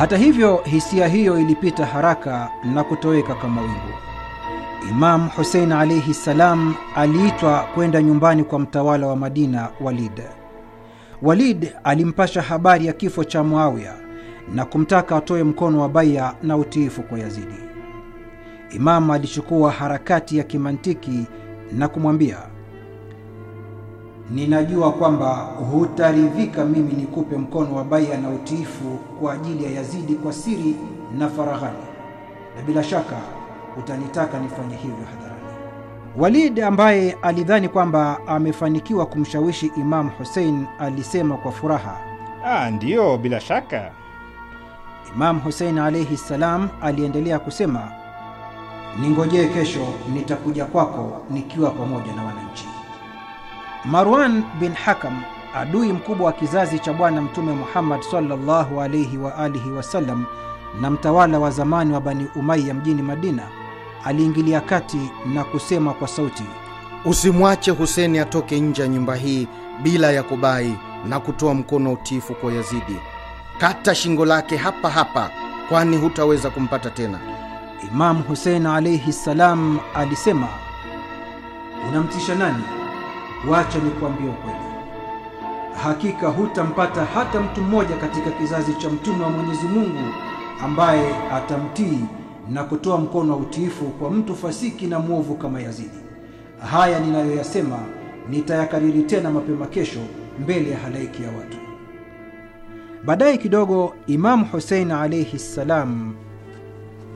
Hata hivyo, hisia hiyo ilipita haraka na kutoweka kama wingu. Imamu Husein alaihi ssalam aliitwa kwenda nyumbani kwa mtawala wa Madina, Walid. Walid alimpasha habari ya kifo cha Muawiya na kumtaka atoe mkono wa baia na utiifu kwa Yazidi. Imamu alichukua harakati ya kimantiki na kumwambia, ninajua kwamba hutaridhika mimi nikupe mkono wa baia na utiifu kwa ajili ya Yazidi kwa siri na faraghani, na bila shaka utanitaka nifanye hivyo hadhara Walid ambaye alidhani kwamba amefanikiwa kumshawishi Imamu Husein alisema kwa furaha, ah, ndiyo, bila shaka. Imamu Husein alaihi ssalam aliendelea kusema, ningojee kesho, nitakuja kwako nikiwa pamoja na wananchi. Marwan bin Hakam, adui mkubwa wa kizazi cha Bwana Mtume Muhammad sallallahu alaihi wa alihi wasallam na mtawala wa zamani wa Bani Umaya mjini Madina aliingilia kati na kusema kwa sauti, usimwache Huseni atoke nje ya nyumba hii bila ya kubai na kutoa mkono utifu kwa Yazidi. Kata shingo lake hapa hapa, kwani hutaweza kumpata tena. Imamu Husein alaihi ssalam alisema, unamtisha nani? Wacha kuambia ukweli, hakika hutampata hata mtu mmoja katika kizazi cha mtume wa Mwenyezi Mungu ambaye atamtii na kutoa mkono wa utiifu kwa mtu fasiki na mwovu kama Yazidi. Haya ninayoyasema nitayakariri tena mapema kesho mbele ya halaiki ya watu. Baadaye kidogo, Imamu Husein alaihi ssalam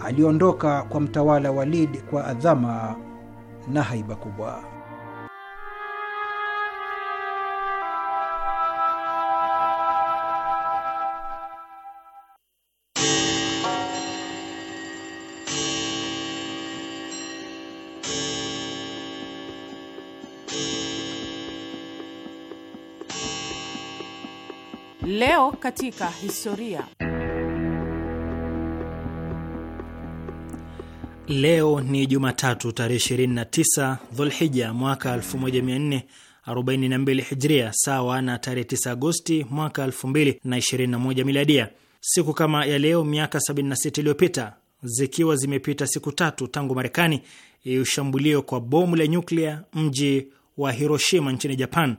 aliondoka kwa mtawala Walid kwa adhama na haiba kubwa. Leo katika historia. Leo ni Jumatatu tarehe 29 Dhulhija mwaka 1442 Hijria, sawa na tarehe 9 Agosti mwaka 2021 Miladia. Siku kama ya leo miaka 76 iliyopita, zikiwa zimepita siku tatu tangu Marekani iushambulio kwa bomu la nyuklia mji wa Hiroshima nchini Japan,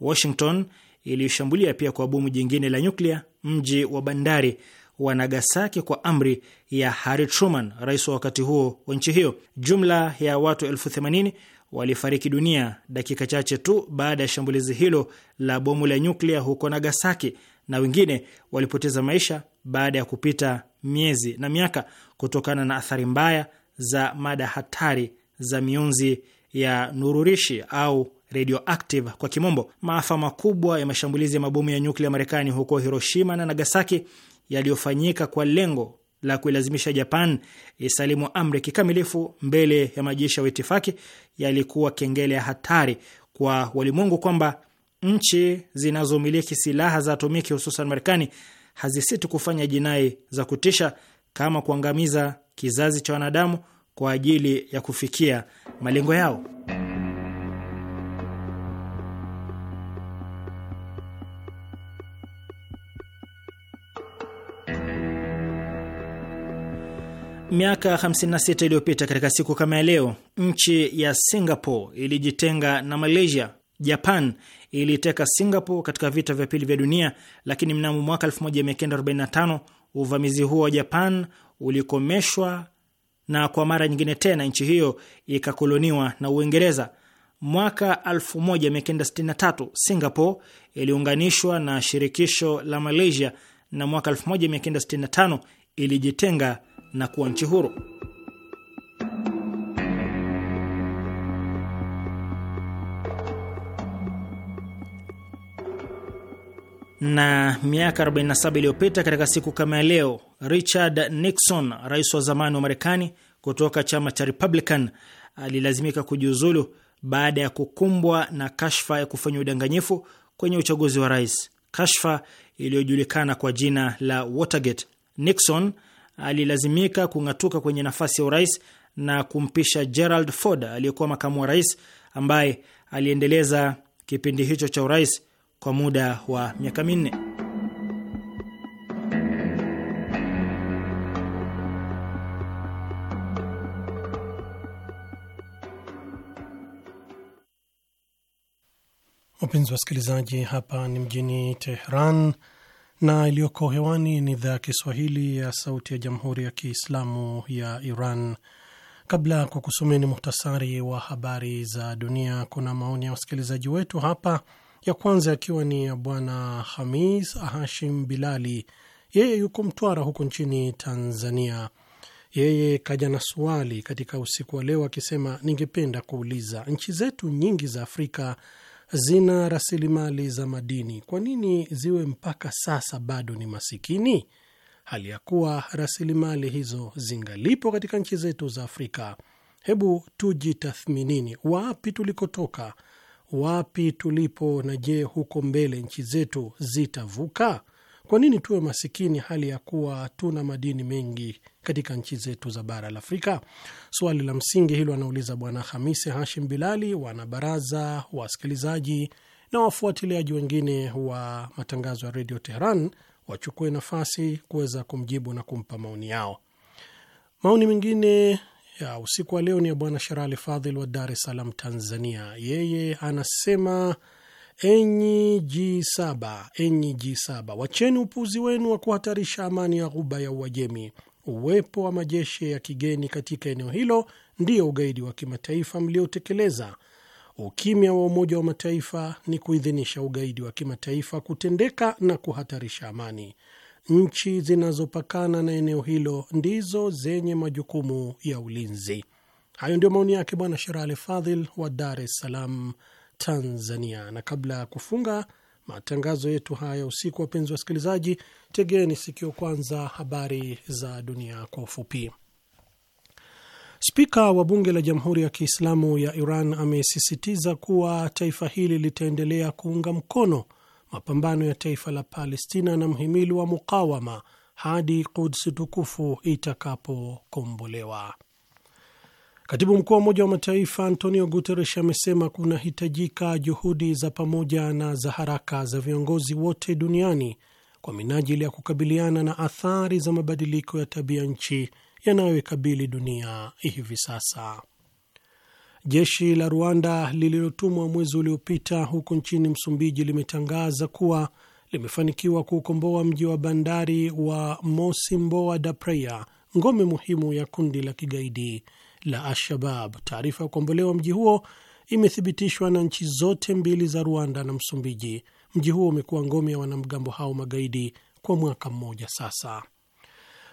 Washington iliyoshambulia pia kwa bomu jingine la nyuklia mji wa bandari wa Nagasaki kwa amri ya Harry Truman, rais wa wakati huo wa nchi hiyo. Jumla ya watu elfu themanini walifariki dunia dakika chache tu baada ya shambulizi hilo la bomu la nyuklia huko Nagasaki, na wengine walipoteza maisha baada ya kupita miezi na miaka kutokana na athari mbaya za mada hatari za mionzi ya nururishi au radioactive kwa kimombo. Maafa makubwa ya mashambulizi ya mabomu ya nyuklia ya Marekani huko Hiroshima na Nagasaki yaliyofanyika kwa lengo la kuilazimisha Japan isalimu amri kikamilifu mbele ya majeshi ya waitifaki yalikuwa kengele ya hatari kwa walimwengu kwamba nchi zinazomiliki silaha za atomiki hususan Marekani hazisiti kufanya jinai za kutisha kama kuangamiza kizazi cha wanadamu kwa ajili ya kufikia malengo yao. Miaka 56 iliyopita katika siku kama ya leo, nchi ya Singapore ilijitenga na Malaysia. Japan iliteka Singapore katika vita vya pili vya dunia, lakini mnamo mwaka 1945 uvamizi huo wa Japan ulikomeshwa na kwa mara nyingine tena nchi hiyo ikakoloniwa na Uingereza. Mwaka 1963 Singapore iliunganishwa na shirikisho la Malaysia, na mwaka 1965 ilijitenga na kuwa nchi huru. Na miaka 47 iliyopita katika siku kama ya leo, Richard Nixon, rais wa zamani wa Marekani kutoka chama cha Republican, alilazimika kujiuzulu baada ya kukumbwa na kashfa ya kufanya udanganyifu kwenye uchaguzi wa rais, kashfa iliyojulikana kwa jina la Watergate. Nixon alilazimika kung'atuka kwenye nafasi ya urais na kumpisha Gerald Ford aliyekuwa makamu wa rais ambaye aliendeleza kipindi hicho cha urais kwa muda wa miaka minne. Wapenzi wasikilizaji, hapa ni mjini Teheran na iliyoko hewani ni idhaa ya Kiswahili ya Sauti ya Jamhuri ya Kiislamu ya Iran. Kabla ya kukusomeni muhtasari wa habari za dunia, kuna maoni ya wasikilizaji wetu hapa, ya kwanza akiwa ni ya Bwana Hamis Hashim Bilali, yeye yuko Mtwara huko nchini Tanzania. Yeye kaja na swali katika usiku wa leo akisema, ningependa kuuliza nchi zetu nyingi za Afrika zina rasilimali za madini, kwa nini ziwe mpaka sasa bado ni masikini, hali ya kuwa rasilimali hizo zingalipo katika nchi zetu za Afrika? Hebu tujitathminini, wapi tulikotoka, wapi tulipo, na je, huko mbele nchi zetu zitavuka? Kwa nini tuwe masikini hali ya kuwa tuna madini mengi katika nchi zetu za bara la Afrika? Swali la msingi hilo anauliza Bwana Hamisi Hashim Bilali, wanabaraza, wasikilizaji na wafuatiliaji wengine wa matangazo ya redio Teheran wachukue nafasi kuweza kumjibu na kumpa maoni yao. Maoni mengine ya usiku wa leo ni ya Bwana Sherali Fadhil wa Dar es Salaam, Tanzania. Yeye anasema Enyi G7, enyi G7, wacheni upuzi wenu wa kuhatarisha amani ya ghuba ya Uajemi. Uwepo wa majeshi ya kigeni katika eneo hilo ndiyo ugaidi wa kimataifa mliotekeleza. Ukimya wa Umoja wa Mataifa ni kuidhinisha ugaidi wa kimataifa kutendeka na kuhatarisha amani. Nchi zinazopakana na eneo hilo ndizo zenye majukumu ya ulinzi. Hayo ndio maoni yake Bwana Sherale Fadhil wa Dar es Salaam, Tanzania. Na kabla ya kufunga matangazo yetu haya usiku, wapenzi wasikilizaji, tegeni sikio kwanza habari za dunia kwa ufupi. Spika wa bunge la Jamhuri ya Kiislamu ya Iran amesisitiza kuwa taifa hili litaendelea kuunga mkono mapambano ya taifa la Palestina na mhimili wa mukawama hadi Kudsi tukufu itakapokombolewa. Katibu mkuu wa Umoja wa Mataifa Antonio Guterres amesema kunahitajika juhudi za pamoja na za haraka za viongozi wote duniani kwa minajili ya kukabiliana na athari za mabadiliko ya tabia nchi yanayoikabili dunia hivi sasa. Jeshi la Rwanda lililotumwa mwezi uliopita huko nchini Msumbiji limetangaza kuwa limefanikiwa kuukomboa mji wa bandari wa Mosimboa da Praia, ngome muhimu ya kundi la kigaidi la Al-Shabab. Taarifa ya kuombolewa mji huo imethibitishwa na nchi zote mbili za Rwanda na Msumbiji. Mji huo umekuwa ngome ya wanamgambo hao magaidi kwa mwaka mmoja sasa.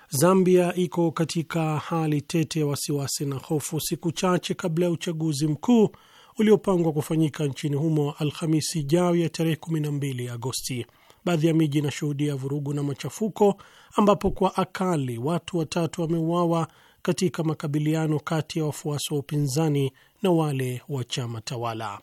Zambia iko katika hali tete ya wasiwasi na hofu, siku chache kabla ya uchaguzi mkuu uliopangwa kufanyika nchini humo Alhamisi ijayo ya tarehe 12 Agosti. Baadhi ya miji inashuhudia vurugu na machafuko, ambapo kwa akali watu watatu wameuawa katika makabiliano kati ya wafuasi wa upinzani na wale wa chama tawala.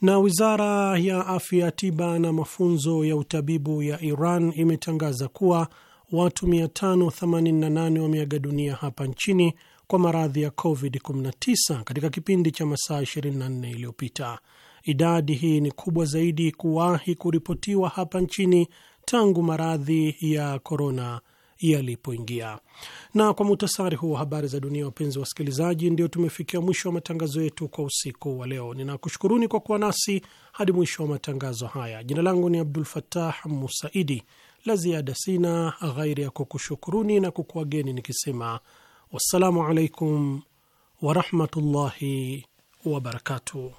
Na wizara ya afya, tiba na mafunzo ya utabibu ya Iran imetangaza kuwa watu 588 wameaga dunia hapa nchini kwa maradhi ya COVID-19 katika kipindi cha masaa 24 iliyopita. Idadi hii ni kubwa zaidi kuwahi kuripotiwa hapa nchini tangu maradhi ya korona yalipoingia. Na kwa muhtasari huu wa habari za dunia, wapenzi wa wasikilizaji, ndio tumefikia mwisho wa matangazo yetu kwa usiku wa leo. Ninakushukuruni kwa kuwa nasi hadi mwisho wa matangazo haya. Jina langu ni Abdul fatah Musaidi. La ziada sina ghairi ya kukushukuruni na kukuageni nikisema wassalamu alaikum warahmatullahi wabarakatuh.